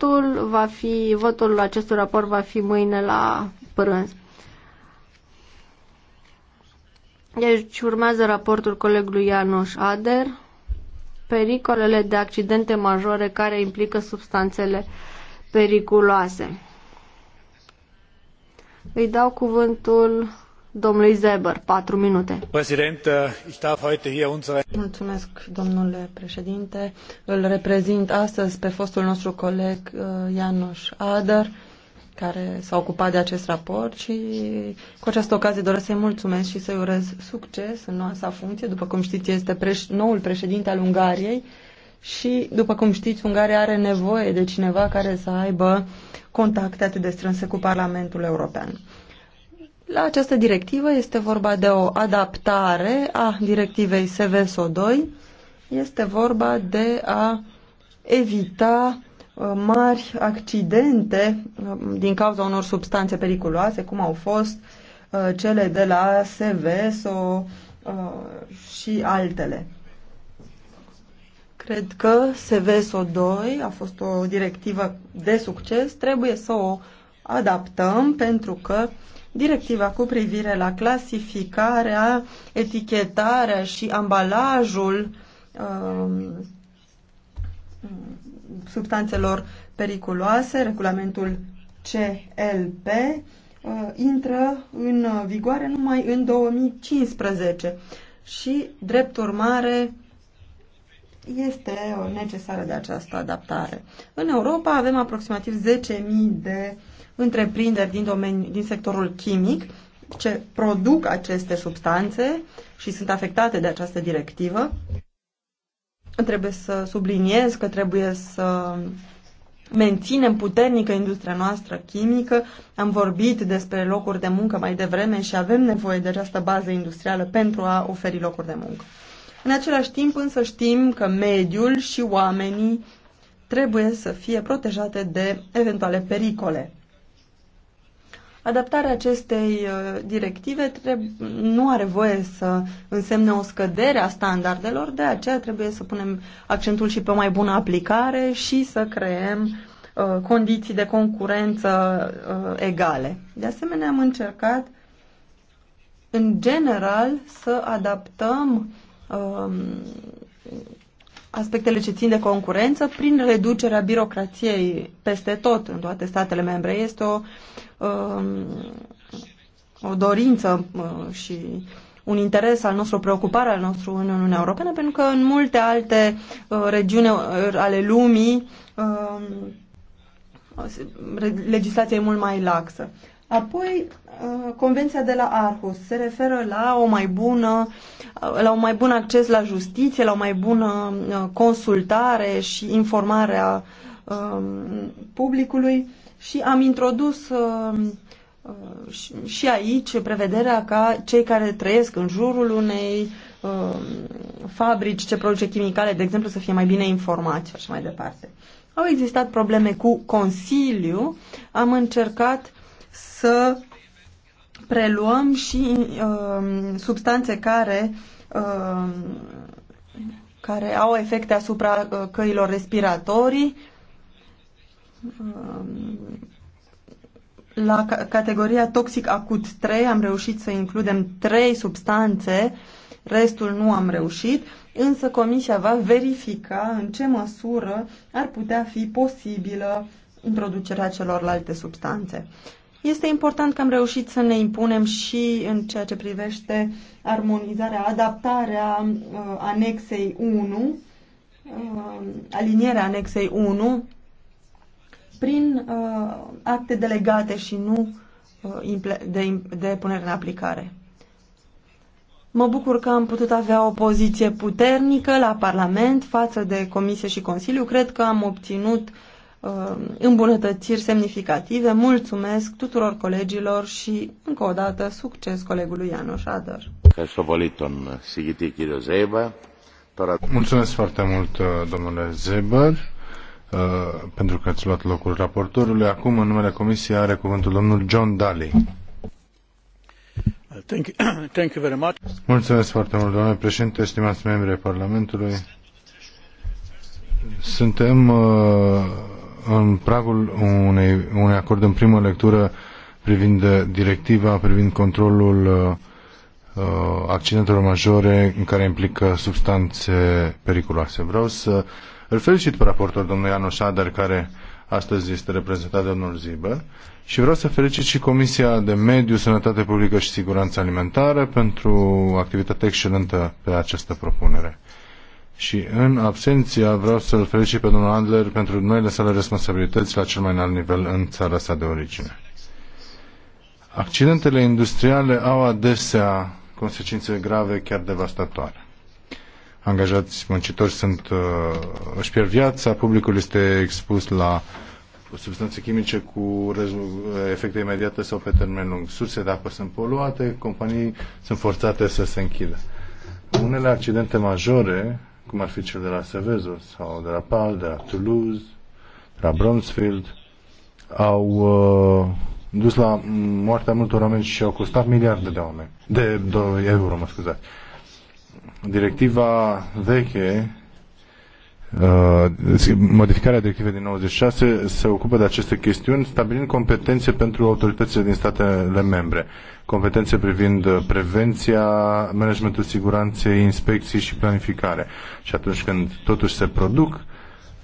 votul va fi, votul acestui raport va fi mâine la prânz. Deci urmează raportul colegului Ianoș Ader, pericolele de accidente majore care implică substanțele periculoase. Îi dau cuvântul domnului Zeber, minute. Mulțumesc, domnule președinte. Îl reprezint astăzi pe fostul nostru coleg uh, Ianuș Adar, care s-a ocupat de acest raport și cu această ocazie doresc să-i mulțumesc și să-i urez succes în noua sa funcție. După cum știți, este preș- noul președinte al Ungariei și, după cum știți, Ungaria are nevoie de cineva care să aibă contacte atât de strânse cu Parlamentul European. La această directivă este vorba de o adaptare a directivei SVSO2. Este vorba de a evita uh, mari accidente uh, din cauza unor substanțe periculoase, cum au fost uh, cele de la SVSO și altele. Cred că SVSO2 a fost o directivă de succes, trebuie să o adaptăm pentru că uh, Directiva cu privire la clasificarea, etichetarea și ambalajul um, substanțelor periculoase, regulamentul CLP, uh, intră în vigoare numai în 2015 și, drept urmare, este necesară de această adaptare. În Europa avem aproximativ 10.000 de întreprinderi din, domeni, din sectorul chimic ce produc aceste substanțe și sunt afectate de această directivă. Trebuie să subliniez că trebuie să menținem puternică industria noastră chimică. Am vorbit despre locuri de muncă mai devreme și avem nevoie de această bază industrială pentru a oferi locuri de muncă. În același timp însă știm că mediul și oamenii trebuie să fie protejate de eventuale pericole. Adaptarea acestei uh, directive nu are voie să însemne o scădere a standardelor, de aceea trebuie să punem accentul și pe o mai bună aplicare și să creăm uh, condiții de concurență uh, egale. De asemenea, am încercat în general să adaptăm um, aspectele ce țin de concurență prin reducerea birocrației peste tot în toate statele membre. Este o, um, o dorință uh, și un interes al nostru, o preocupare al nostru în Uniunea Europeană, pentru că în multe alte uh, regiuni uh, ale lumii um, legislația e mult mai laxă. Apoi, uh, Convenția de la Arhus se referă la o mai bună, uh, la un mai bun acces la justiție, la o mai bună uh, consultare și informare a um, publicului și am introdus și aici prevederea ca cei care trăiesc în jurul unei um, fabrici ce produce chimicale, de exemplu, să fie mai bine informați și așa mai departe. Au existat probleme cu Consiliu, am încercat să preluăm și uh, substanțe care, uh, care au efecte asupra uh, căilor respiratorii. Uh, la categoria toxic acut 3 am reușit să includem 3 substanțe, restul nu am reușit, însă comisia va verifica în ce măsură ar putea fi posibilă introducerea celorlalte substanțe. Este important că am reușit să ne impunem și în ceea ce privește armonizarea, adaptarea uh, anexei 1, uh, alinierea anexei 1 prin uh, acte delegate și nu uh, de, de punere în aplicare. Mă bucur că am putut avea o poziție puternică la Parlament față de Comisie și Consiliu. Cred că am obținut Uh, îmbunătățiri semnificative. Mulțumesc tuturor colegilor și, încă o dată, succes colegului Ianoș Adăr. Mulțumesc foarte mult, uh, domnule Zeber, uh, pentru că ați luat locul raportorului. Acum, în numele Comisiei, are cuvântul domnul John Daly. Thank you. Thank you very much. Mulțumesc foarte mult, domnule președinte, stimați membri ai Parlamentului. Suntem uh, în pragul unei, unui acord în primă lectură privind directiva, privind controlul uh, uh, accidentelor majore în care implică substanțe periculoase. Vreau să îl felicit pe raportor domnul Iano Șader, care astăzi este reprezentat de domnul Zibă, și vreau să felicit și Comisia de Mediu, Sănătate Publică și Siguranță Alimentară pentru activitatea excelentă pe această propunere și în absenția vreau să-l felicit pe domnul Adler pentru noile sale responsabilități la cel mai înalt nivel în țara sa de origine. Accidentele industriale au adesea consecințe grave, chiar devastatoare. Angajați muncitori sunt, uh, își pierd viața, publicul este expus la substanțe chimice cu efecte imediate sau pe termen lung. Surse de apă sunt poluate, companii sunt forțate să se închidă. Unele accidente majore cum ar fi cel de la Sevezo sau de la Pal, de la Toulouse, de la Bromsfield, au uh, dus la moartea multor oameni și au costat miliarde de oameni, de, de euro, mă scuzați. Directiva veche Uh, modificarea directivei din 96 se ocupă de aceste chestiuni, stabilind competențe pentru autoritățile din statele membre. Competențe privind prevenția, managementul siguranței, inspecții și planificare. Și atunci când totuși se produc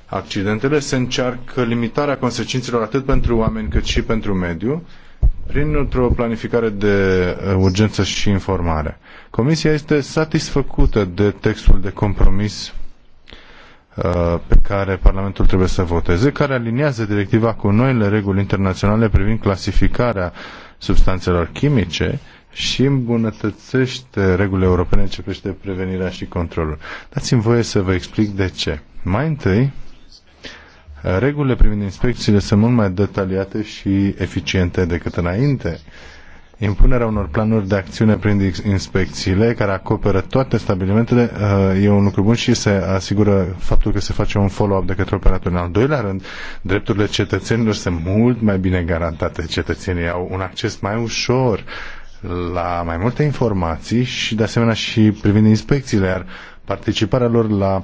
accidentele, se încearcă limitarea consecințelor atât pentru oameni cât și pentru mediu, prin o planificare de uh, urgență și informare. Comisia este satisfăcută de textul de compromis Uh, pe care Parlamentul trebuie să voteze, care aliniază directiva cu noile reguli internaționale privind clasificarea substanțelor chimice și îmbunătățește regulile europene în ce privește prevenirea și controlul. Dați-mi voie să vă explic de ce. Mai întâi, uh, regulile privind inspecțiile sunt mult mai detaliate și eficiente decât înainte Impunerea unor planuri de acțiune prin inspecțiile care acoperă toate stabilimentele uh, e un lucru bun și se asigură faptul că se face un follow-up de către operator. În al doilea rând, drepturile cetățenilor sunt mult mai bine garantate. Cetățenii au un acces mai ușor la mai multe informații și de asemenea și privind inspecțiile, iar participarea lor la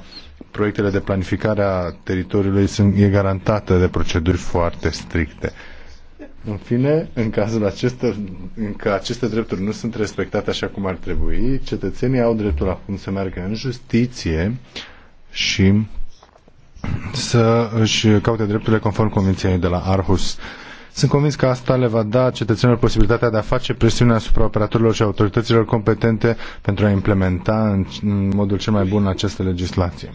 proiectele de planificare a teritoriului sunt, e garantată de proceduri foarte stricte. În fine, în cazul acestor, în că aceste drepturi nu sunt respectate așa cum ar trebui, cetățenii au dreptul acum să meargă în justiție și să își caute drepturile conform convenției de la Arhus. Sunt convins că asta le va da cetățenilor posibilitatea de a face presiune asupra operatorilor și autorităților competente pentru a implementa în, modul cel mai bun această legislație.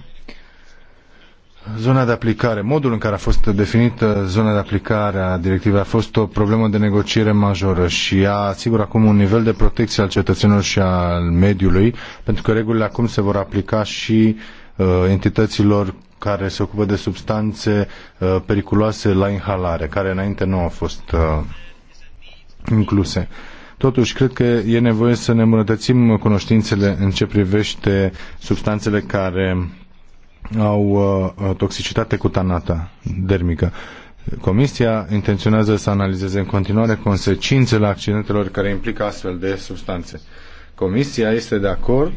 Zona de aplicare, modul în care a fost definită zona de aplicare a directivei a fost o problemă de negociere majoră și a asigură acum un nivel de protecție al cetățenilor și al mediului, pentru că regulile acum se vor aplica și uh, entităților care se ocupă de substanțe uh, periculoase la inhalare, care înainte nu au fost uh, incluse. Totuși, cred că e nevoie să ne îmbunătățim cunoștințele în ce privește substanțele care au uh, uh, toxicitate cutanată dermică. Comisia intenționează să analizeze în continuare consecințele accidentelor care implică astfel de substanțe. Comisia este de acord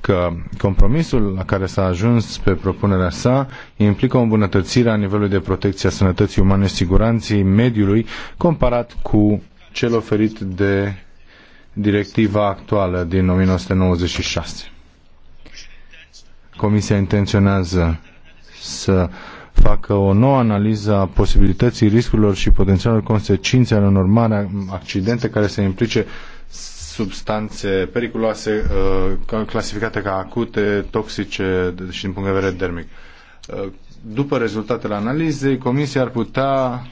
că compromisul la care s-a ajuns pe propunerea sa implică o îmbunătățire a nivelului de protecție a sănătății umane și siguranței mediului comparat cu cel oferit de directiva actuală din 1996. Comisia intenționează să facă o nouă analiză a posibilității riscurilor și potențialelor consecințe ale unor mari accidente care se implice substanțe periculoase uh, clasificate ca acute, toxice și din punct de vedere dermic. Uh, după rezultatele analizei, Comisia ar putea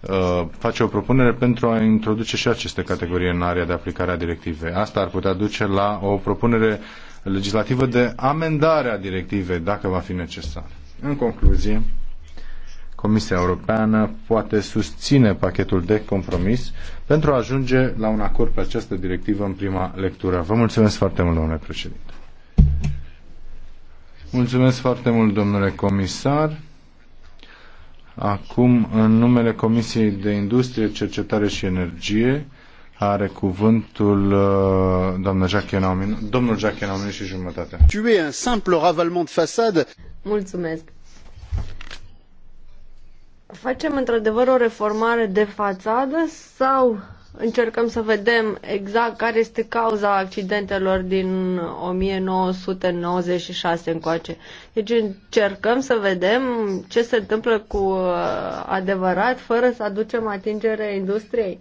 uh, face o propunere pentru a introduce și aceste categorii în area de aplicare a directivei. Asta ar putea duce la o propunere uh, legislativă de amendare a directivei, dacă va fi necesar. În concluzie, Comisia Europeană poate susține pachetul de compromis pentru a ajunge la un acord pe această directivă în prima lectură. Vă mulțumesc foarte mult, domnule președinte. Mulțumesc foarte mult, domnule comisar. Acum, în numele Comisiei de Industrie, Cercetare și Energie, are cuvântul uh, doamna Jacques Enaumin, domnul Jacques Enaumin și jumătate. e un simplu ravalement de fasadă. Mulțumesc. Facem într-adevăr o reformare de fațadă sau încercăm să vedem exact care este cauza accidentelor din 1996 încoace. Deci încercăm să vedem ce se întâmplă cu uh, adevărat fără să aducem atingere industriei.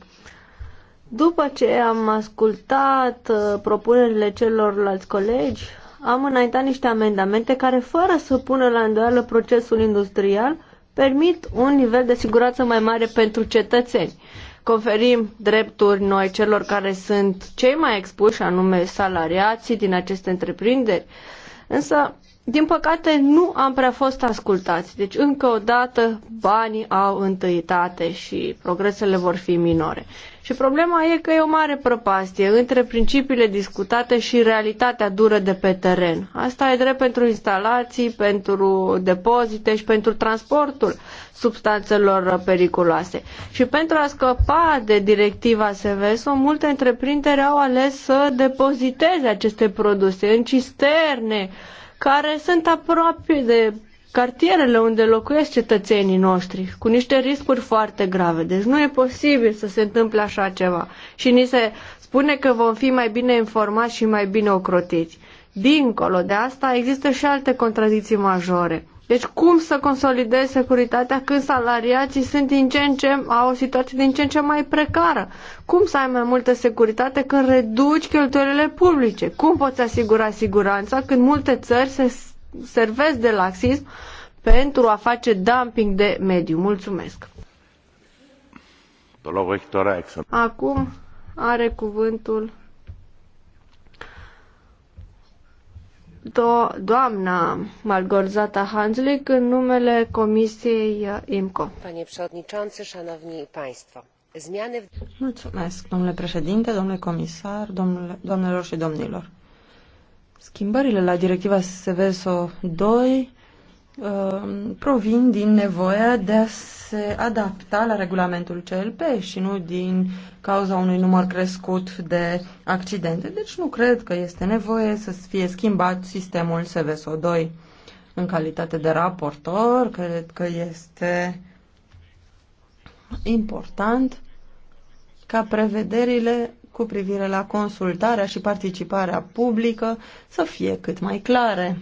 După ce am ascultat uh, propunerile celorlalți colegi, am înaintat niște amendamente care, fără să pună la îndoială procesul industrial, permit un nivel de siguranță mai mare pentru cetățeni. Conferim drepturi noi celor care sunt cei mai expuși, anume salariații din aceste întreprinderi, însă, din păcate, nu am prea fost ascultați. Deci, încă o dată, banii au întâietate și progresele vor fi minore. Și problema e că e o mare prăpastie între principiile discutate și realitatea dură de pe teren. Asta e drept pentru instalații, pentru depozite și pentru transportul substanțelor periculoase. Și pentru a scăpa de directiva sevs multe întreprinderi au ales să depoziteze aceste produse în cisterne care sunt aproape de cartierele unde locuiesc cetățenii noștri, cu niște riscuri foarte grave. Deci nu e posibil să se întâmple așa ceva. Și ni se spune că vom fi mai bine informați și mai bine ocrotiți. Dincolo de asta, există și alte contradicții majore. Deci cum să consolidezi securitatea când salariații sunt din ce în ce, au o situație din ce în ce mai precară? Cum să ai mai multă securitate când reduci cheltuielile publice? Cum poți asigura siguranța când multe țări se servesc de laxism pentru a face dumping de mediu. Mulțumesc! Acum are cuvântul do doamna Malgorzata Hanslik în numele Comisiei IMCO. Panie Przewodniczący, Szanowni Państwo. Zmiany... Mulțumesc, domnule președinte, domnule comisar, domnule, doamnelor și domnilor. Schimbările la directiva SVSO 2 uh, provin din nevoia de a se adapta la regulamentul CLP și nu din cauza unui număr crescut de accidente. Deci nu cred că este nevoie să fie schimbat sistemul SVSO2. În calitate de raportor, cred că este important ca prevederile cu privire la consultarea și participarea publică să fie cât mai clare.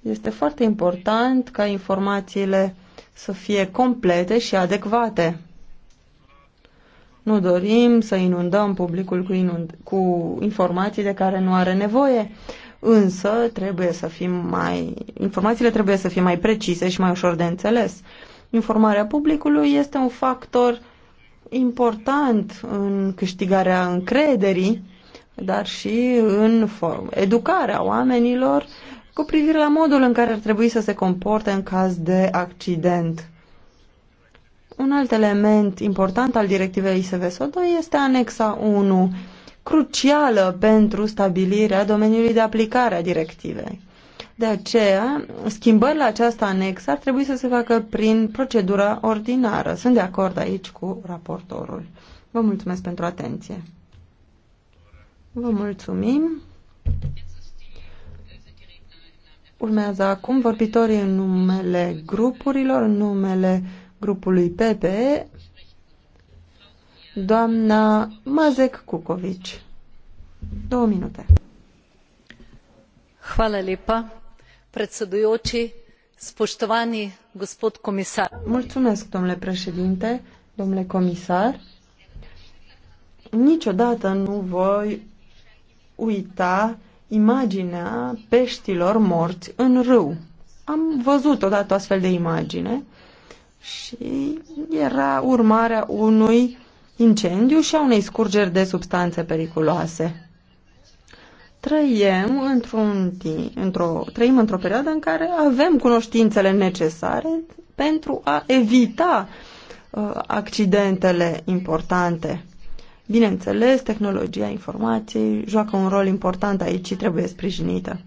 Este foarte important ca informațiile să fie complete și adecvate. Nu dorim să inundăm publicul cu, inund- cu informații de care nu are nevoie, însă trebuie să fim mai... informațiile trebuie să fie mai precise și mai ușor de înțeles. Informarea publicului este un factor uh, important în câștigarea încrederii, dar și în educarea oamenilor cu privire la modul în care ar trebui să se comporte în caz de accident. Un alt element important al directivei isvso 2 este anexa 1, crucială pentru stabilirea domeniului de aplicare a directivei. De aceea, schimbările aceasta anexă ar trebui să se facă prin procedura ordinară. Sunt de acord aici cu raportorul. Vă mulțumesc pentru atenție. Vă mulțumim. Urmează acum vorbitorii în numele grupurilor, în numele grupului PPE, doamna Mazek Kukovici. Două minute. Hvala lipa predsedujoči spoštovani gospod komisar Mulțumesc, domnule președinte, domnule comisar. Niciodată nu voi uita imaginea peștilor morți în râu. Am văzut odată o astfel de imagine și era urmarea unui incendiu și a unei scurgeri de substanțe periculoase trăim într-un, într-o, trăim într-o perioadă în care avem cunoștințele necesare pentru a evita uh, accidentele importante. Bineînțeles, tehnologia informației joacă un rol important aici și trebuie sprijinită.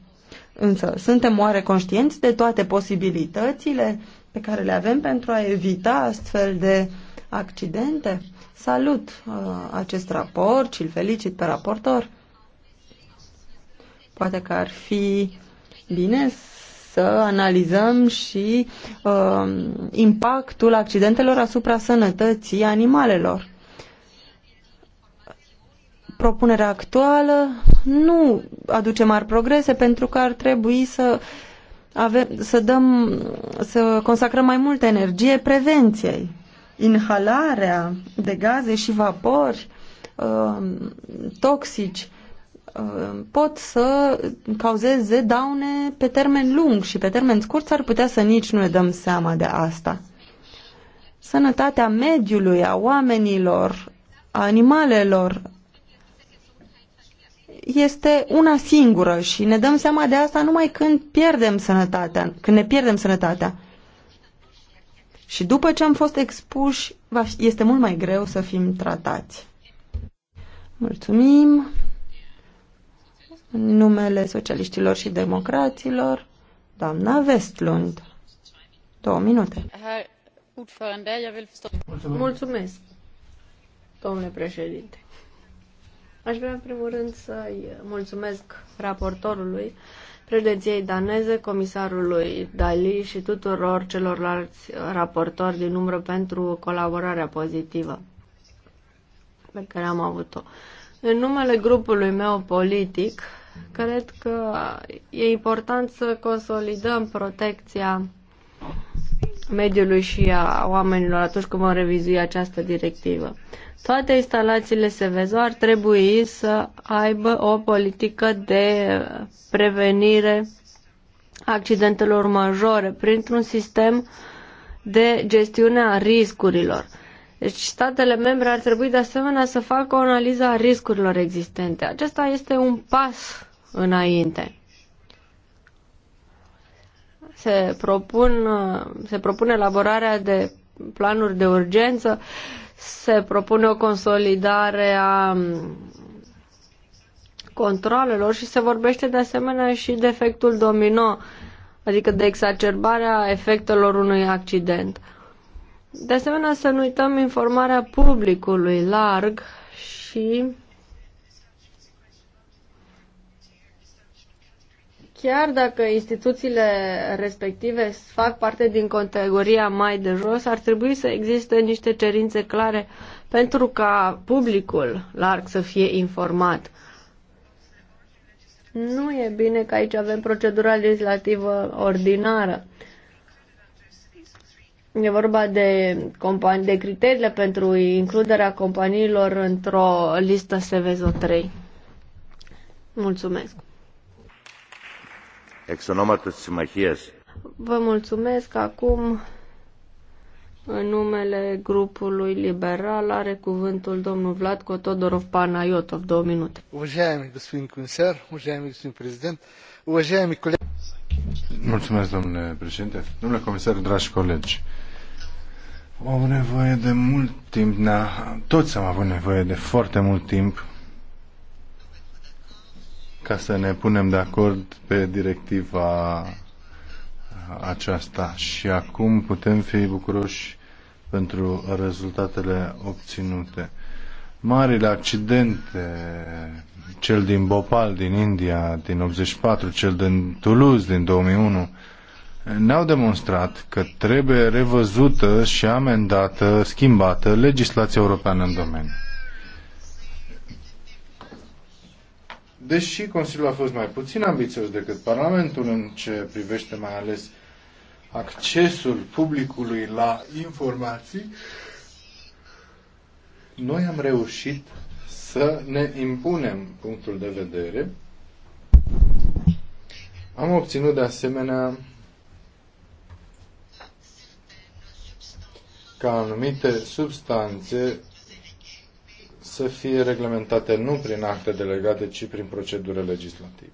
Însă, suntem oare conștienți de toate posibilitățile pe care le avem pentru a evita astfel de accidente? Salut uh, acest raport și îl felicit pe raportor. Poate că ar fi bine să analizăm și uh, impactul accidentelor asupra sănătății animalelor. Propunerea actuală nu aduce mari progrese pentru că ar trebui să avem, să dăm, să consacrăm mai multă energie prevenției. Inhalarea de gaze și vapori uh, toxici Uh, pot să cauzeze daune pe termen lung și pe termen scurt ar putea să nici nu ne dăm seama de asta. Sănătatea mediului, a oamenilor, a animalelor este una singură și ne dăm seama de asta numai când pierdem sănătatea, când ne pierdem sănătatea. Și după ce am fost expuși, este mult mai greu să fim tratați. Mulțumim! În numele socialiștilor și democraților, doamna Vestlund. Două minute. Mulțumesc. domnule președinte. Aș vrea, în primul rând, să-i mulțumesc raportorului, președinției daneze, comisarului Dali și tuturor celorlalți raportori din umbră pentru colaborarea pozitivă pe care am avut-o. În numele grupului meu politic, Cred că e important să consolidăm protecția mediului și a oamenilor atunci când vom revizui această directivă. Toate instalațiile SVZO ar trebui să aibă o politică de prevenire accidentelor majore printr-un sistem de gestiune a riscurilor. Deci statele membre ar trebui de asemenea să facă o analiză a riscurilor existente. Acesta este un pas înainte. Se, propun, se propune elaborarea de planuri de urgență, se propune o consolidare a controlelor și se vorbește de asemenea și de efectul domino, adică de exacerbarea efectelor unui accident. De asemenea, să nu uităm informarea publicului larg și Chiar dacă instituțiile respective fac parte din categoria mai de jos, ar trebui să existe niște cerințe clare pentru ca publicul larg să fie informat. Nu e bine că aici avem procedura legislativă ordinară. E vorba de, de criteriile pentru includerea companiilor într-o listă SVZO 3. Mulțumesc! εξ ονόματος της Vă mulțumesc. Acum, în numele grupului liberal, are cuvântul domnul Vlad Cotodorov Panayotov. Două minute. Уважаемый господин комиссар, уважаемый господин президент, уважаемый коллеги. Mulțumesc, domnule președinte. Domnule comisar, dragi colegi, avut nevoie de mult timp, na, toți am avut nevoie de foarte mult timp ca să ne punem de acord pe directiva aceasta și acum putem fi bucuroși pentru rezultatele obținute. Marile accidente, cel din Bhopal, din India, din 84, cel din Toulouse, din 2001, ne-au demonstrat că trebuie revăzută și amendată, schimbată legislația europeană în domeniu. deși Consiliul a fost mai puțin ambițios decât Parlamentul în ce privește mai ales accesul publicului la informații, noi am reușit să ne impunem punctul de vedere. Am obținut de asemenea ca anumite substanțe să fie reglementate nu prin acte delegate, ci prin procedură legislativă.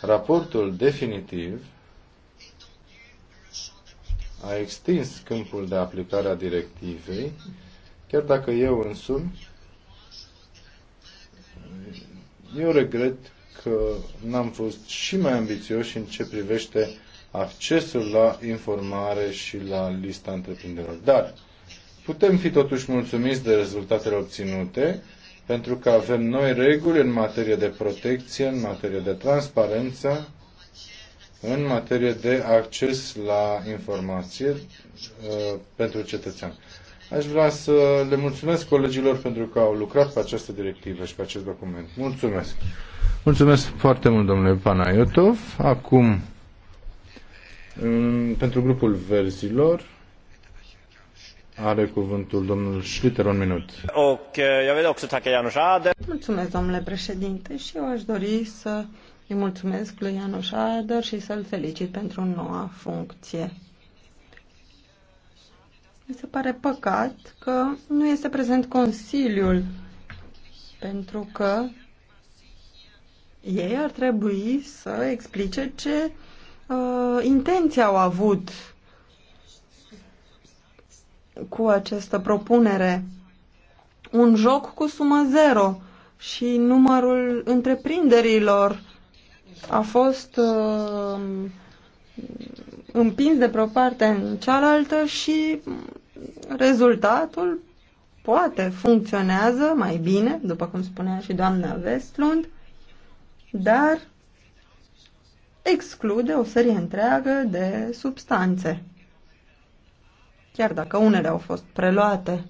Raportul definitiv a extins câmpul de aplicare a directivei, chiar dacă eu însumi, eu regret că n-am fost și mai ambițioși în ce privește accesul la informare și la lista întreprinderilor. Dar Putem fi totuși mulțumiți de rezultatele obținute, pentru că avem noi reguli în materie de protecție, în materie de transparență, în materie de acces la informație uh, pentru cetățean. Aș vrea să le mulțumesc colegilor pentru că au lucrat pe această directivă și pe acest document. Mulțumesc! Mulțumesc foarte mult, domnule Panayotov. Acum, um, pentru grupul verzilor, are cuvântul domnul Schlitter, un minut. eu vreau să Mulțumesc, domnule președinte, și eu aș dori să îi mulțumesc lui Ianuș Ader și să-l felicit pentru noua funcție. Mi se pare păcat că nu este prezent Consiliul, pentru că ei ar trebui să explice ce uh, intenții au avut cu această propunere un joc cu sumă zero și numărul întreprinderilor a fost uh, împins de pe o parte în cealaltă și rezultatul poate funcționează mai bine, după cum spunea și doamna Westlund, dar exclude o serie întreagă de substanțe chiar dacă unele au fost preluate.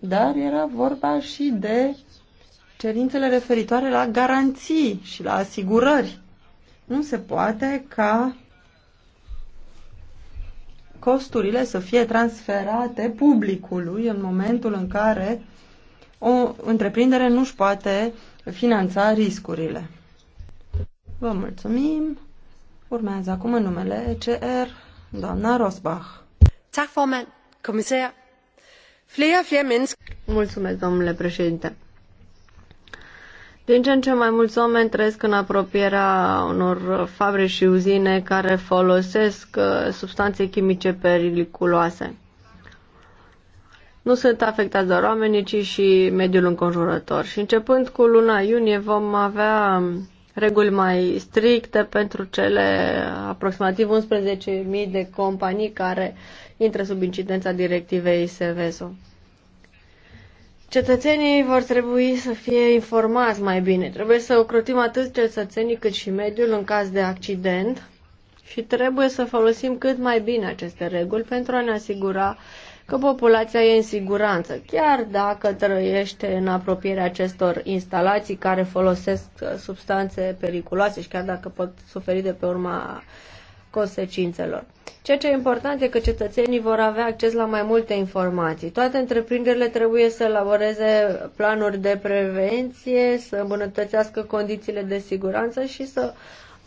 Dar era vorba și de cerințele referitoare la garanții și la asigurări. Nu se poate ca costurile să fie transferate publicului în momentul în care o întreprindere nu își poate finanța riscurile. Vă mulțumim. Urmează acum în numele ECR Doamna Rosbach. Mulțumesc, domnule președinte. Din ce în ce mai mulți oameni trăiesc în apropierea unor fabrici și uzine care folosesc uh, substanțe chimice periculoase. Nu sunt afectați doar oamenii, ci și mediul înconjurător. Și începând cu luna iunie vom avea reguli mai stricte pentru cele aproximativ 11.000 de companii care intră sub incidența directivei SEVESO. Cetățenii vor trebui să fie informați mai bine. Trebuie să ocrotim atât cetățenii cât și mediul în caz de accident și trebuie să folosim cât mai bine aceste reguli pentru a ne asigura că populația e în siguranță, chiar dacă trăiește în apropierea acestor instalații care folosesc uh, substanțe periculoase și chiar dacă pot suferi de pe urma consecințelor. Ceea ce e important e că cetățenii vor avea acces la mai multe informații. Toate întreprinderile trebuie să elaboreze planuri de prevenție, să îmbunătățească condițiile de siguranță și să uh,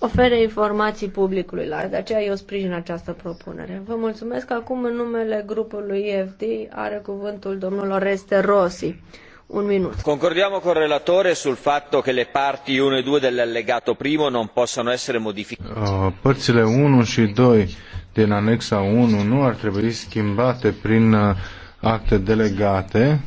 ofere informații publicului. La de aceea eu sprijin această propunere. Vă mulțumesc. Acum, în numele grupului EFD, are cuvântul domnul Oreste Rossi. Un minut. Concordiamo con il relatore sul fatto che le parti 1 e 2 dell'allegato primo non possano essere modificate. Uh, părțile 1 și 2 din anexa 1 nu ar trebui schimbate prin uh, acte delegate.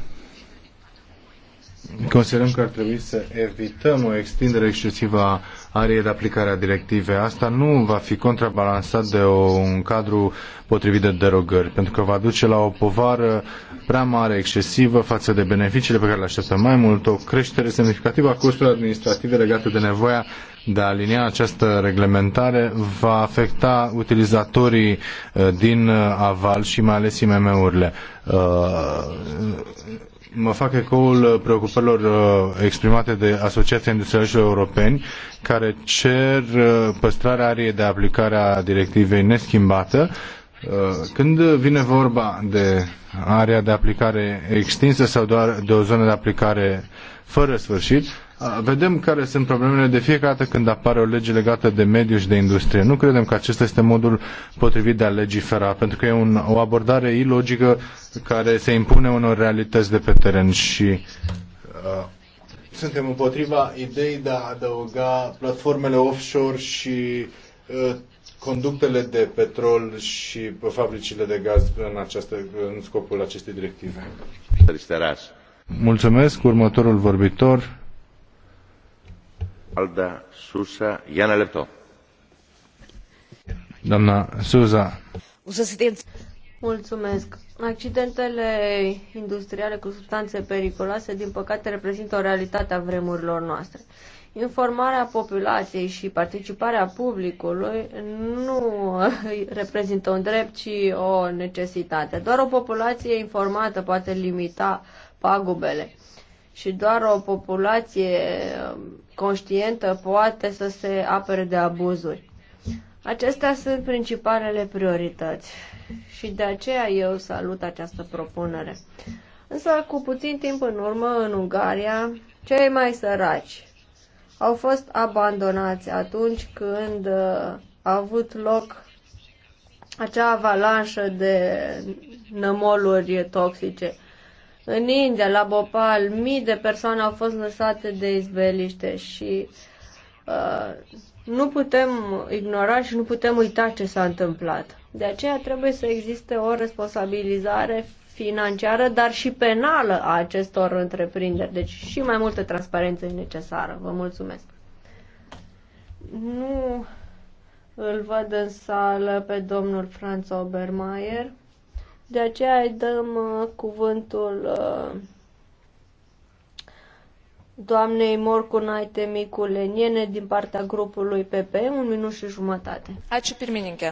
Considerăm că ar trebui să evităm o extindere excesivă a are de aplicare a directivei. Asta nu va fi contrabalansat de o, un cadru potrivit de derogări, pentru că va duce la o povară prea mare, excesivă față de beneficiile pe care le așteptăm mai mult, o creștere semnificativă a costurilor administrative legate de nevoia de a alinia această reglementare va afecta utilizatorii uh, din uh, aval și mai ales IMM-urile. Uh, mă fac ecoul uh, preocupărilor uh, exprimate de Asociația Industrialiștilor Europeni, care cer uh, păstrarea ariei de aplicare a directivei neschimbată. Când vine vorba de area de aplicare extinsă sau doar de o zonă de aplicare fără sfârșit, Vedem care sunt problemele de fiecare dată când apare o lege legată de mediu și de industrie. Nu credem că acesta este modul potrivit de a legifera, pentru că e un, o abordare ilogică care se impune unor realități de pe teren și uh, suntem împotriva ideii de a adăuga platformele offshore și uh, conductele de petrol și fabricile de gaz în, această, în scopul acestei directive. Mulțumesc. Următorul vorbitor, Alda Susa, Doamna Accidentele industriale cu substanțe periculoase, din păcate, reprezintă o realitate a vremurilor noastre. Informarea populației și participarea publicului nu reprezintă un drept, ci o necesitate. Doar o populație informată poate limita pagubele și doar o populație um, conștientă poate să se apere de abuzuri. Acestea sunt principalele priorități și de aceea eu salut această propunere. Însă, cu puțin timp în urmă, în Ungaria, cei mai săraci au fost abandonați atunci când uh, a avut loc acea avalanșă de nămoluri toxice. În India, la Bhopal, mii de persoane au fost lăsate de izbeliște și uh, nu putem ignora și nu putem uita ce s-a întâmplat. De aceea trebuie să existe o responsabilizare financiară, dar și penală a acestor întreprinderi. Deci și mai multă transparență e necesară. Vă mulțumesc. Nu îl văd în sală pe domnul Franz Obermeier. De aceea îi dăm uh, cuvântul uh, doamnei Morcunaite Miculeniene din partea grupului PP, un minut și jumătate. Ačiū pirmininkė.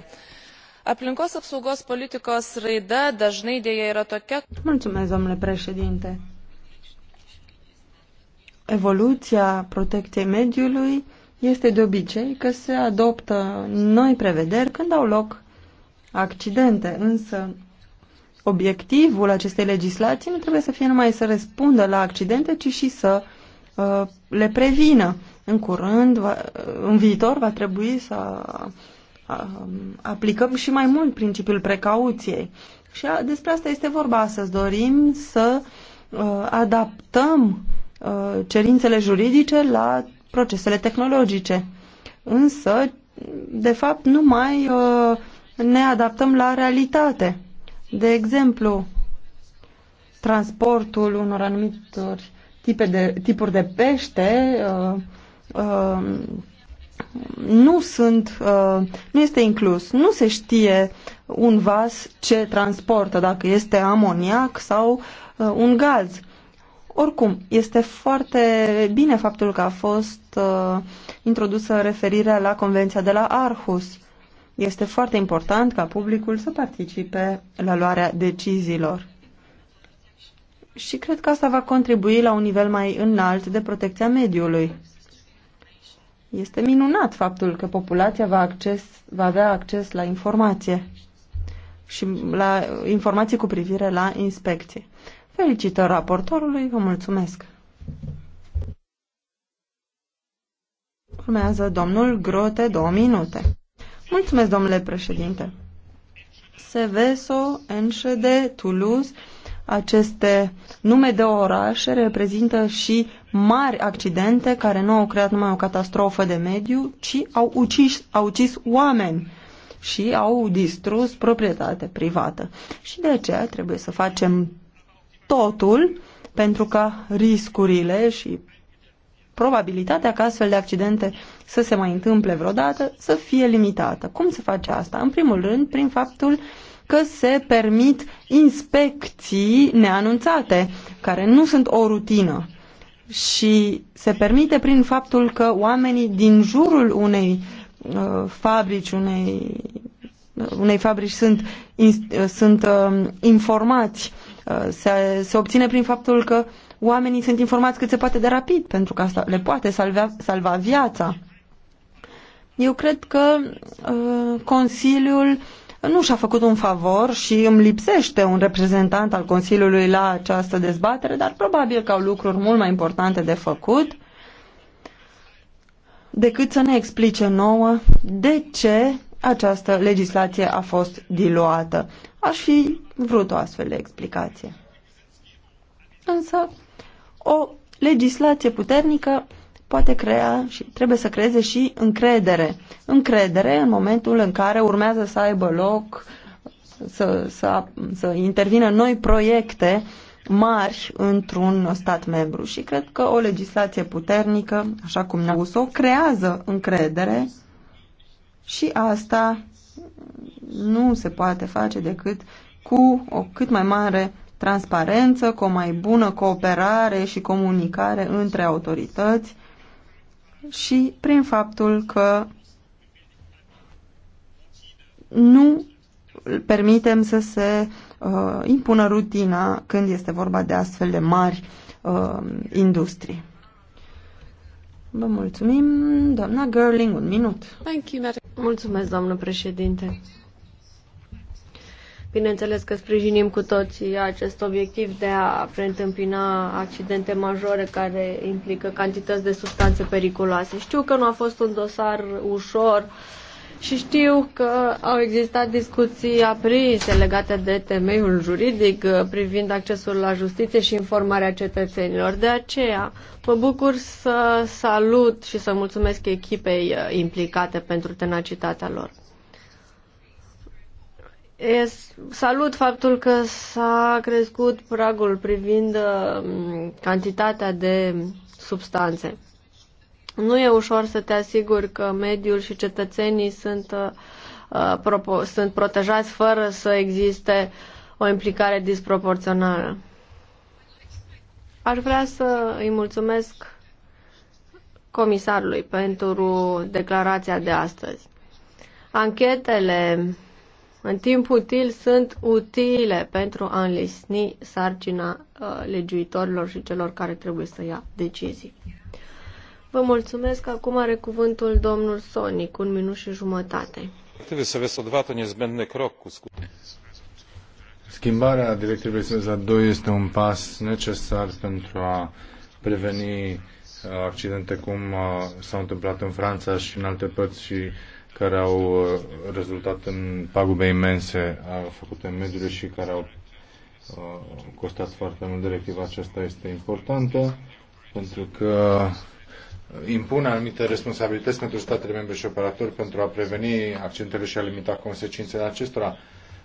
Aplinkos apsaugos politikos raida dažnai dėja yra tokia. Mulțumesc, domnule președinte. Evoluția protecției mediului este de obicei că se adoptă noi prevederi când au loc accidente, însă obiectivul acestei legislații nu trebuie să fie numai să răspundă la accidente, ci și să uh, le prevină. În curând, va, uh, în viitor, va trebui să uh, um, aplicăm și mai mult principiul precauției. Și a, despre asta este vorba astăzi. Dorim să uh, adaptăm uh, cerințele juridice la procesele tehnologice. Însă, de fapt, mai uh, ne adaptăm la realitate de exemplu, transportul unor anumitor tipe de, tipuri de pește uh, uh, nu sunt, uh, nu este inclus. Nu se știe un vas ce transportă, dacă este amoniac sau uh, un gaz. Oricum, este foarte bine faptul că a fost uh, introdusă referirea la Convenția de la Arhus. Este foarte important ca publicul să participe la luarea deciziilor. Și cred că asta va contribui la un nivel mai înalt de protecția mediului. Este minunat faptul că populația va, acces, va avea acces la informație și la informații cu privire la inspecție. Felicitări raportorului, vă mulțumesc! Urmează domnul Grote două minute. Mulțumesc, domnule președinte. Seveso, Enșede, Toulouse, aceste nume de orașe reprezintă și mari accidente care nu au creat numai o catastrofă de mediu, ci au ucis, au ucis oameni și au distrus proprietate privată. Și de aceea trebuie să facem totul pentru ca riscurile și probabilitatea ca astfel de accidente să se mai întâmple vreodată să fie limitată. Cum se face asta? În primul rând, prin faptul că se permit inspecții neanunțate, care nu sunt o rutină. Și se permite prin faptul că oamenii din jurul unei uh, fabrici, unei, uh, unei fabrici sunt, in, uh, sunt uh, informați, uh, se, se obține prin faptul că uh, oamenii sunt informați cât se poate de rapid, pentru că asta le poate salvea, salva viața. Eu cred că uh, Consiliul nu și-a făcut un favor și îmi lipsește un reprezentant al Consiliului la această dezbatere, dar probabil că au lucruri mult mai importante de făcut decât să ne explice nouă de ce această legislație a fost diluată. Aș fi vrut o astfel de explicație. Însă o legislație puternică poate crea și trebuie să creeze și încredere. Încredere în momentul în care urmează să aibă loc, să, să, să intervină noi proiecte mari într-un stat membru. Și cred că o legislație puternică, așa cum ne-a o creează încredere și asta nu se poate face decât cu o cât mai mare transparență, cu o mai bună cooperare și comunicare între autorități și prin faptul că nu permitem să se uh, impună rutina când este vorba de astfel de mari uh, industrii. Vă mulțumim, doamna Gerling, un minut. Mulțumesc, doamnă președinte. Bineînțeles că sprijinim cu toții acest obiectiv de a preîntâmpina accidente majore care implică cantități de substanțe periculoase. Știu că nu a fost un dosar ușor și știu că au existat discuții aprinse legate de temeiul juridic privind accesul la justiție și informarea cetățenilor. De aceea mă bucur să salut și să mulțumesc echipei implicate pentru tenacitatea lor. E, salut faptul că s-a crescut pragul privind um, cantitatea de substanțe. Nu e ușor să te asiguri că mediul și cetățenii sunt, uh, sunt protejați fără să existe o implicare disproporțională. Aș vrea să îi mulțumesc comisarului pentru declarația de astăzi. Anchetele în timp util sunt utile pentru a înlesni sarcina uh, legiuitorilor și celor care trebuie să ia decizii. Vă mulțumesc. Acum are cuvântul domnul Sonic, un minut și jumătate. Să cu Schimbarea directivei SESA 2 este un pas necesar pentru a preveni uh, accidente cum uh, s-au întâmplat în Franța și în alte părți și care au uh, rezultat în pagube imense făcute în mediul și care au uh, costat foarte mult. Directiva aceasta este importantă pentru că uh, impune anumite responsabilități pentru statele membre și operatori pentru a preveni accidentele și a limita consecințele acestora.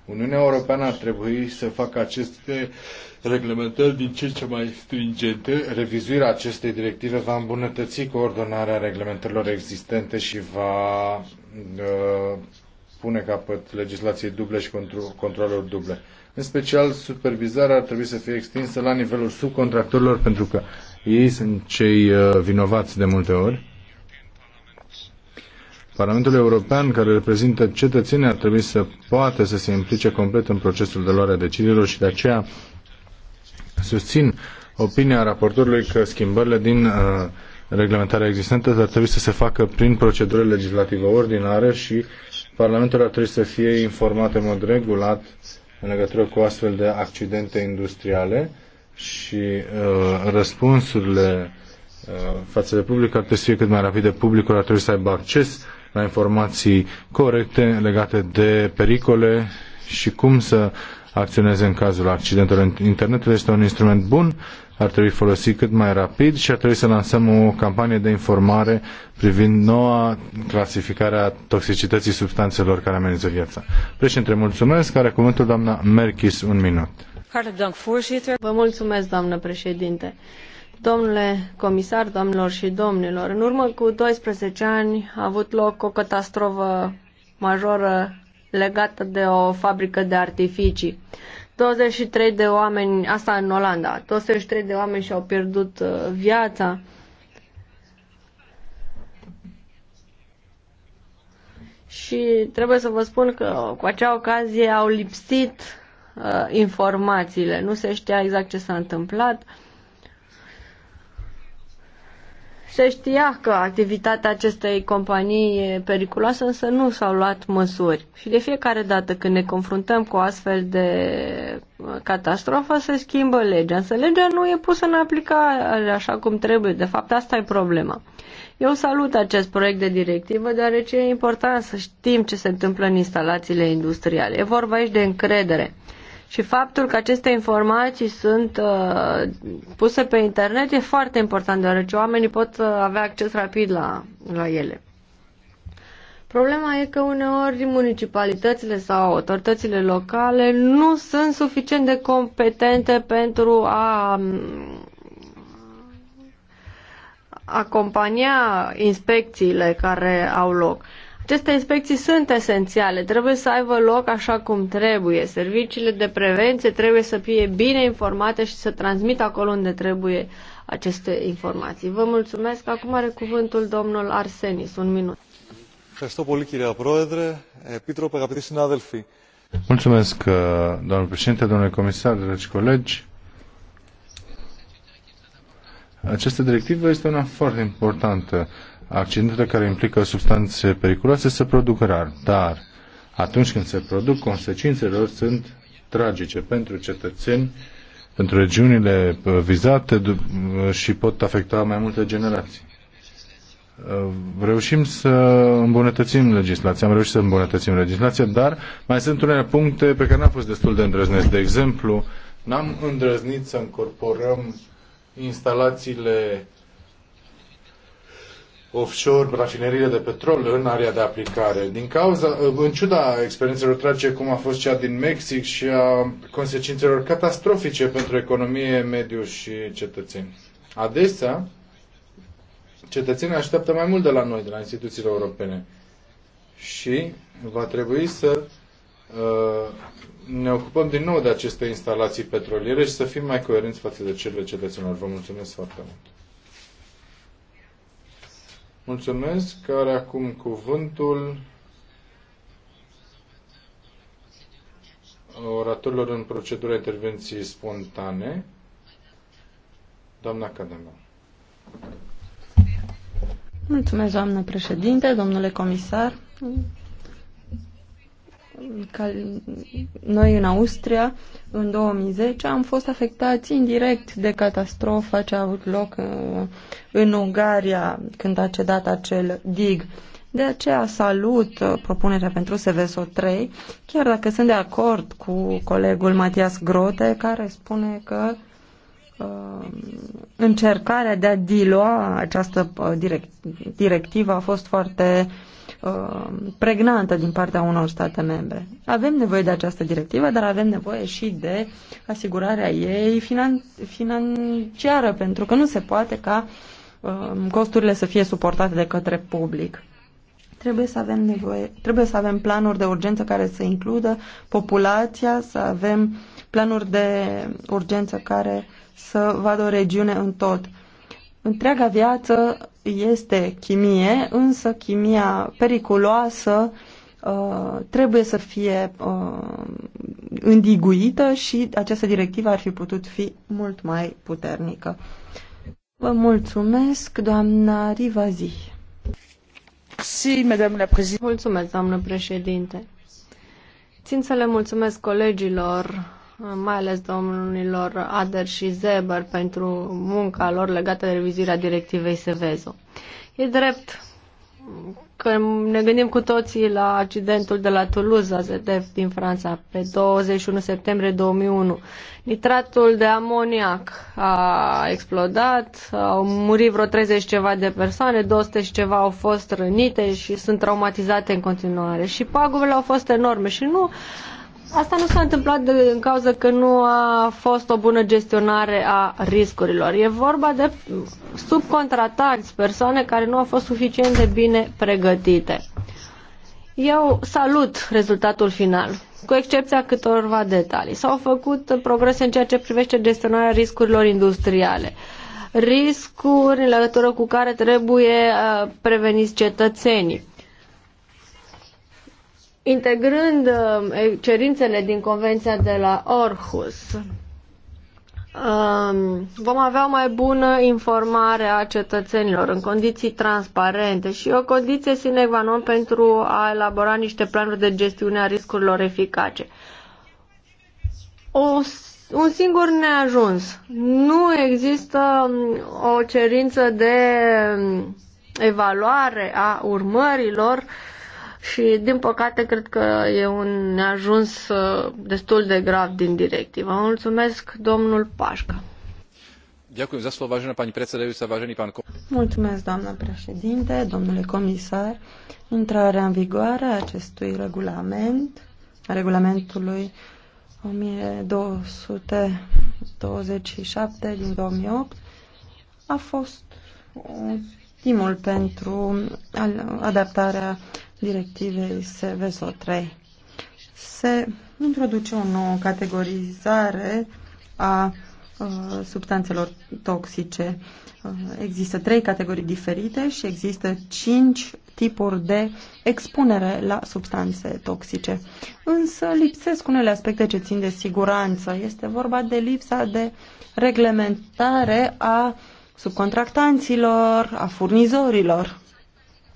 Uniunea Europeană ar trebui să facă aceste reglementări din ce ce mai stringente. Revizuirea acestei directive va îmbunătăți coordonarea reglementărilor existente și va Uh, pune capăt legislației duble și controlelor duble. În special, supervizarea ar trebui să fie extinsă la nivelul subcontractorilor, pentru că ei sunt cei uh, vinovați de multe ori. Parlamentul European, care reprezintă cetățenii, ar trebui să poată să se implice complet în procesul de luare a deciziilor și de aceea susțin opinia raportorului că schimbările din uh, reglementarea existentă dar trebuie să se facă prin proceduri legislative ordinare și Parlamentul ar trebui să fie informat în mod regulat în legătură cu astfel de accidente industriale și uh, răspunsurile uh, față de public ar trebui să fie cât mai rapide. Publicul ar trebui să aibă acces la informații corecte legate de pericole și cum să acționeze în cazul accidentelor. Internetul este un instrument bun ar trebui folosit cât mai rapid și ar trebui să lansăm o campanie de informare privind noua clasificare a toxicității substanțelor care amenință viața. Președinte, mulțumesc. Are cuvântul doamna Merkis, un minut. Vă mulțumesc, doamnă președinte. Domnule comisar, domnilor și domnilor, în urmă cu 12 ani a avut loc o catastrofă majoră legată de o fabrică de artificii. 23 de oameni, asta în Olanda, 23 de oameni și-au pierdut uh, viața. Și trebuie să vă spun că cu acea ocazie au lipsit uh, informațiile, nu se știa exact ce s-a întâmplat. Uh, se știa că activitatea acestei companii e periculoasă, însă nu s-au luat măsuri. Și de fiecare dată când ne confruntăm cu o astfel de uh, catastrofă, se schimbă legea. Însă legea nu e pusă în aplicare așa cum trebuie. De fapt, asta e problema. Eu salut acest proiect de directivă, deoarece e important să știm ce se întâmplă în instalațiile industriale. E vorba aici de încredere. Și faptul că aceste informații sunt uh, puse pe internet e foarte important, deoarece oamenii pot uh, avea acces rapid la, la ele. Problema e că uneori municipalitățile sau autoritățile locale nu sunt suficient de competente pentru a mm, acompania inspecțiile care au loc. Uh, aceste inspecții sunt esențiale, trebuie să aibă loc așa cum trebuie. Serviciile de prevenție trebuie să fie bine informate și să transmită acolo unde trebuie aceste informații. Vă mulțumesc. Acum are cuvântul domnul Arsenis. Un minut. Mulțumesc, uh, domnul președinte, domnule comisar, dragi colegi. Această directivă este una foarte importantă accidentele care implică substanțe periculoase se produc rar, dar atunci când se produc, consecințele lor sunt tragice pentru cetățeni, pentru regiunile uh, vizate uh, și pot afecta mai multe generații. Uh, reușim să îmbunătățim legislația, am reușit să îmbunătățim legislația, dar mai sunt unele puncte pe care n-am fost destul de îndrăznesc. De exemplu, n-am îndrăznit să încorporăm instalațiile offshore rafineriile de petrol în area de aplicare. Din cauza, în ciuda experiențelor tragice cum a fost cea din Mexic și a consecințelor catastrofice pentru economie, mediu și cetățeni. Adesea, cetățenii așteaptă mai mult de la noi, de la instituțiile europene. Și va trebui să uh, ne ocupăm din nou de aceste instalații petroliere și să fim mai coerenți față de cele cetățenilor. Vă mulțumesc foarte mult! Mulțumesc. Are acum cuvântul oratorilor în procedura intervenției spontane. Doamna Cadema. Mulțumesc, doamnă președinte, domnule comisar noi în Austria, în 2010, am fost afectați indirect de catastrofa ce a avut loc uh, în Ungaria când a cedat acel dig. De aceea salut uh, propunerea pentru SVSO 3, chiar dacă sunt de acord cu colegul Matias Grote, care spune că uh, încercarea de a dilua această uh, direct, directivă a fost foarte uh, Uh, pregnantă din partea unor state membre. Avem nevoie de această directivă, dar avem nevoie și de asigurarea ei finan- financiară, pentru că nu se poate ca um, costurile să fie suportate de către public. Trebuie să, avem nevoie, trebuie să avem planuri de urgență care să includă populația, să avem planuri de urgență care să vadă o regiune în tot Întreaga viață este chimie, însă chimia periculoasă uh, trebuie să fie uh, îndiguită și această directivă ar fi putut fi mult mai puternică. Vă mulțumesc, doamna Rivazi. Si, Mulțumesc, doamnă președinte. Țin să le mulțumesc colegilor mai ales domnilor Ader și Zeber pentru munca lor legată de revizuirea directivei Sevezo. E drept că ne gândim cu toții la accidentul de la Toulouse, a ZDF din Franța, pe 21 septembrie 2001. Nitratul de amoniac a explodat, au murit vreo 30 ceva de persoane, 200 și ceva au fost rănite și sunt traumatizate în continuare. Și pagubele au fost enorme și nu Asta nu s-a întâmplat de, în cauza că nu a fost o bună gestionare a riscurilor. E vorba de subcontratați, persoane care nu au fost suficient de bine pregătite. Eu salut rezultatul final, cu excepția câtorva detalii. S-au făcut progrese în ceea ce privește gestionarea riscurilor industriale riscuri în legătură cu care trebuie uh, preveniți cetățenii integrând uh, cerințele din Convenția de la Orhus, um, vom avea o mai bună informare a cetățenilor în condiții transparente și o condiție sine qua non pentru a elabora niște planuri de gestiune a riscurilor eficace. O, un singur neajuns. Nu există um, o cerință de um, evaluare a urmărilor uh, și, din păcate, cred că e un neajuns uh, destul de grav din directivă. Mulțumesc, domnul Pașca. Mulțumesc, doamnă președinte, domnule comisar. Intrarea în vigoare a acestui regulament, a regulamentului 1227 din 2008, a fost un stimul pentru adaptarea directivei SVSO 3. Se introduce o nouă categorizare a uh, substanțelor toxice. Uh, există trei categorii diferite și există cinci tipuri de expunere la substanțe toxice. Însă lipsesc unele aspecte ce țin de siguranță. Este vorba de lipsa de reglementare a subcontractanților, a furnizorilor.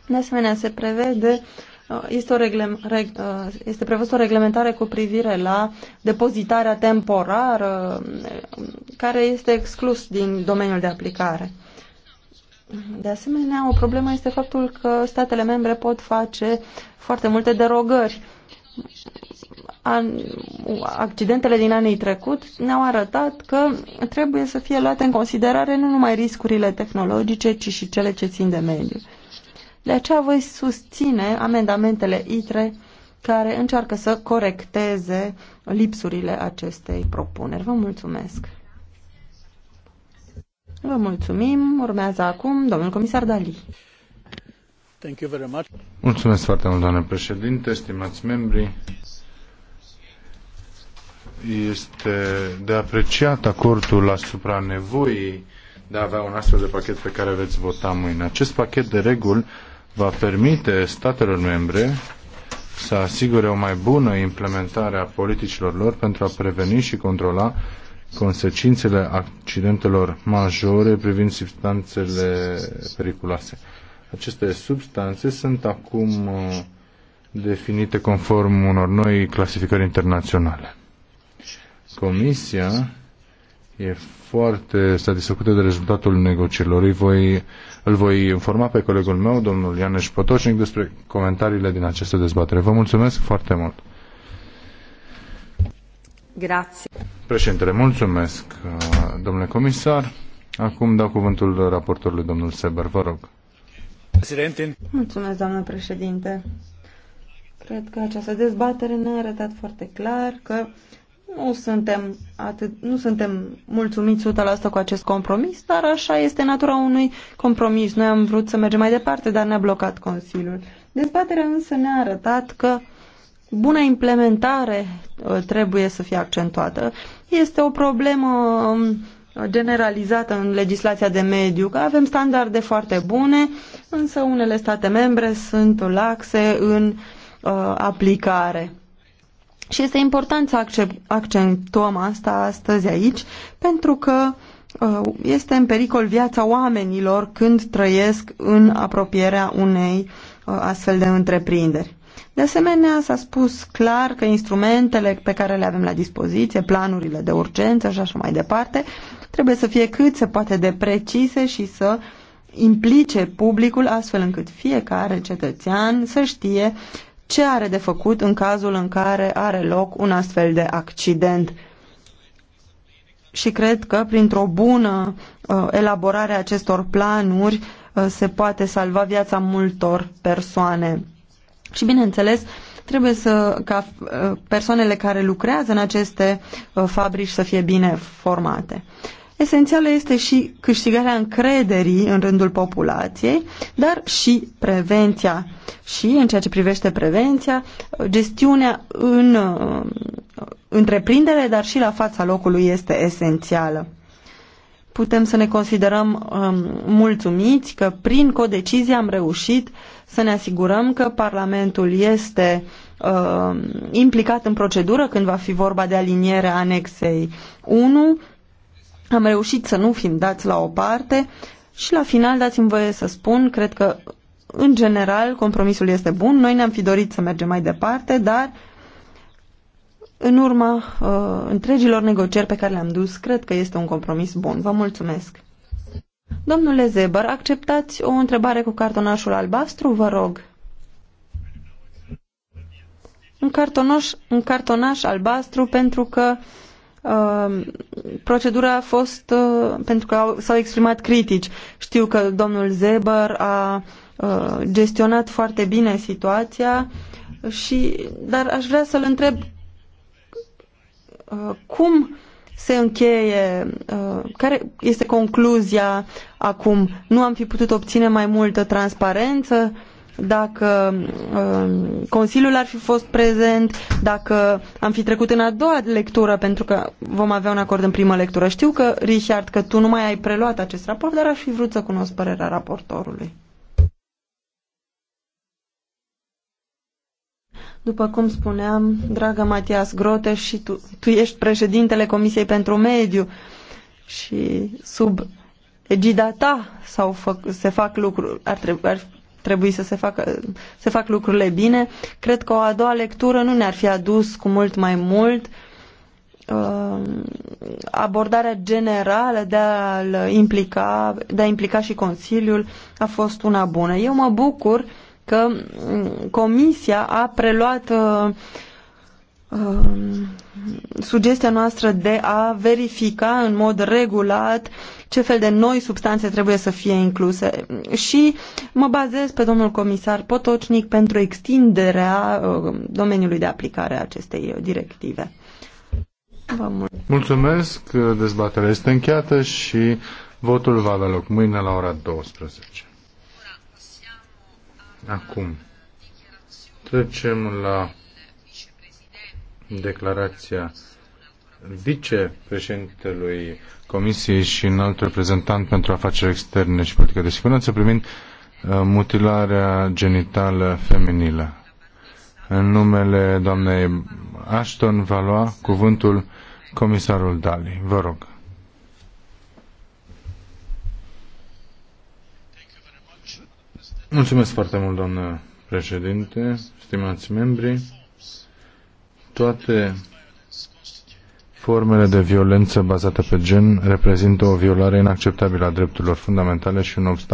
De asemenea, se prevede uh, este, o regle, uh, este prevăzută o reglementare cu privire la depozitarea temporară, um, care este exclus din domeniul de aplicare. De asemenea, o problemă este faptul că statele membre pot face foarte multe derogări. An... Accidentele din anii trecut ne-au arătat că trebuie să fie luate în considerare nu numai riscurile tehnologice, ci și cele ce țin de mediu. De aceea voi susține amendamentele ITRE care încearcă să corecteze lipsurile acestei propuneri. Vă mulțumesc! Vă mulțumim. Urmează acum domnul comisar Dali. Thank you very much. Mulțumesc foarte mult, doamne președinte, stimați membri. Este de apreciat acordul asupra nevoii de a avea un astfel de pachet pe care veți vota mâine. Acest pachet de reguli va permite statelor membre să asigure o mai bună implementare a politicilor lor pentru a preveni și controla consecințele accidentelor majore privind substanțele periculoase. Aceste substanțe sunt acum uh, definite conform unor noi clasificări internaționale. Comisia e foarte satisfăcută de rezultatul negocierilor. Îi voi, îl voi informa pe colegul meu, domnul Ianeș Potocnic, despre comentariile din această dezbatere. Vă mulțumesc foarte mult! Grazie. Președintele, mulțumesc, uh, domnule comisar. Acum dau cuvântul raportorului domnul Seber, vă rog. Presidente. Mulțumesc, doamnă președinte. Cred că această dezbatere ne-a arătat foarte clar că nu suntem, atât, nu suntem mulțumiți 100% cu acest compromis, dar așa este natura unui compromis. Noi am vrut să mergem mai departe, dar ne-a blocat Consiliul. Dezbaterea însă ne-a arătat că buna implementare uh, trebuie să fie accentuată. Este o problemă um, generalizată în legislația de mediu, că avem standarde foarte bune, însă unele state membre sunt laxe în uh, aplicare. Și este important să accentuăm asta astăzi aici, pentru că uh, este în pericol viața oamenilor când trăiesc în apropierea unei uh, astfel de întreprinderi. De asemenea, s-a spus clar că instrumentele pe care le avem la dispoziție, planurile de urgență și așa mai departe, trebuie să fie cât se poate de precise și să implice publicul astfel încât fiecare cetățean să știe ce are de făcut în cazul în care are loc un astfel de accident. Și cred că printr-o bună uh, elaborare a acestor planuri uh, se poate salva viața multor persoane. Și bineînțeles, trebuie să, ca uh, persoanele care lucrează în aceste uh, fabrici să fie bine formate. Uh, Esențială este și câștigarea încrederii în rândul populației, dar și prevenția. Și în ceea ce privește prevenția, gestiunea în uh, întreprindere, dar și la fața locului este esențială. Putem să ne considerăm um, mulțumiți că prin codecizie am reușit să ne asigurăm că Parlamentul este uh, implicat în procedură când va fi vorba de alinierea anexei 1 am reușit să nu fim dați la o parte și la final dați-mi voie să spun, cred că în general compromisul este bun, noi ne-am fi dorit să mergem mai departe, dar în urma uh, întregilor negocieri pe care le-am dus, cred că este un compromis bun. Vă mulțumesc! Domnule Zeber, acceptați o întrebare cu cartonașul albastru, vă rog. Un, cartonoș, un cartonaș albastru pentru că Um, procedura a fost uh, pentru că s-au exprimat critici. Știu că domnul Zeber a uh, gestionat foarte bine situația și dar aș vrea să-l întreb uh, cum se încheie, care este concluzia acum? Nu am fi putut obține mai multă transparență? dacă um, Consiliul ar fi fost prezent, dacă am fi trecut în a doua lectură, pentru că vom avea un acord în prima lectură. Știu că, Richard, că tu nu mai ai preluat acest raport, dar aș fi vrut să cunosc părerea raportorului. După cum spuneam, dragă Matias Grote, și tu, tu ești președintele Comisiei pentru Mediu și sub egida ta sau fă, se fac lucruri, ar, trebui, ar trebui să se, facă, se fac lucrurile bine. Cred că o a doua lectură nu ne-ar fi adus cu mult mai mult uh, abordarea generală de a, implica, de a implica și Consiliul a fost una bună. Eu mă bucur că mm, Comisia a preluat uh, Um, sugestia noastră de a verifica în mod regulat ce fel de noi substanțe trebuie să fie incluse. Și mă bazez pe domnul comisar Potocnic pentru extinderea uh, domeniului de aplicare a acestei directive. Vă mulțumesc. mulțumesc. Dezbaterea este încheiată și votul va avea loc mâine la ora 12. Acum trecem la declarația vicepreședintelui Comisiei și înalt reprezentant pentru afaceri externe și politică de siguranță privind uh, mutilarea genitală feminilă. În numele doamnei Ashton va lua cuvântul comisarul Dali. Vă rog. Mulțumesc foarte mult, doamnă președinte, stimați membri. Toate formele de violență bazată pe gen reprezintă o violare inacceptabilă a drepturilor fundamentale și un obstacol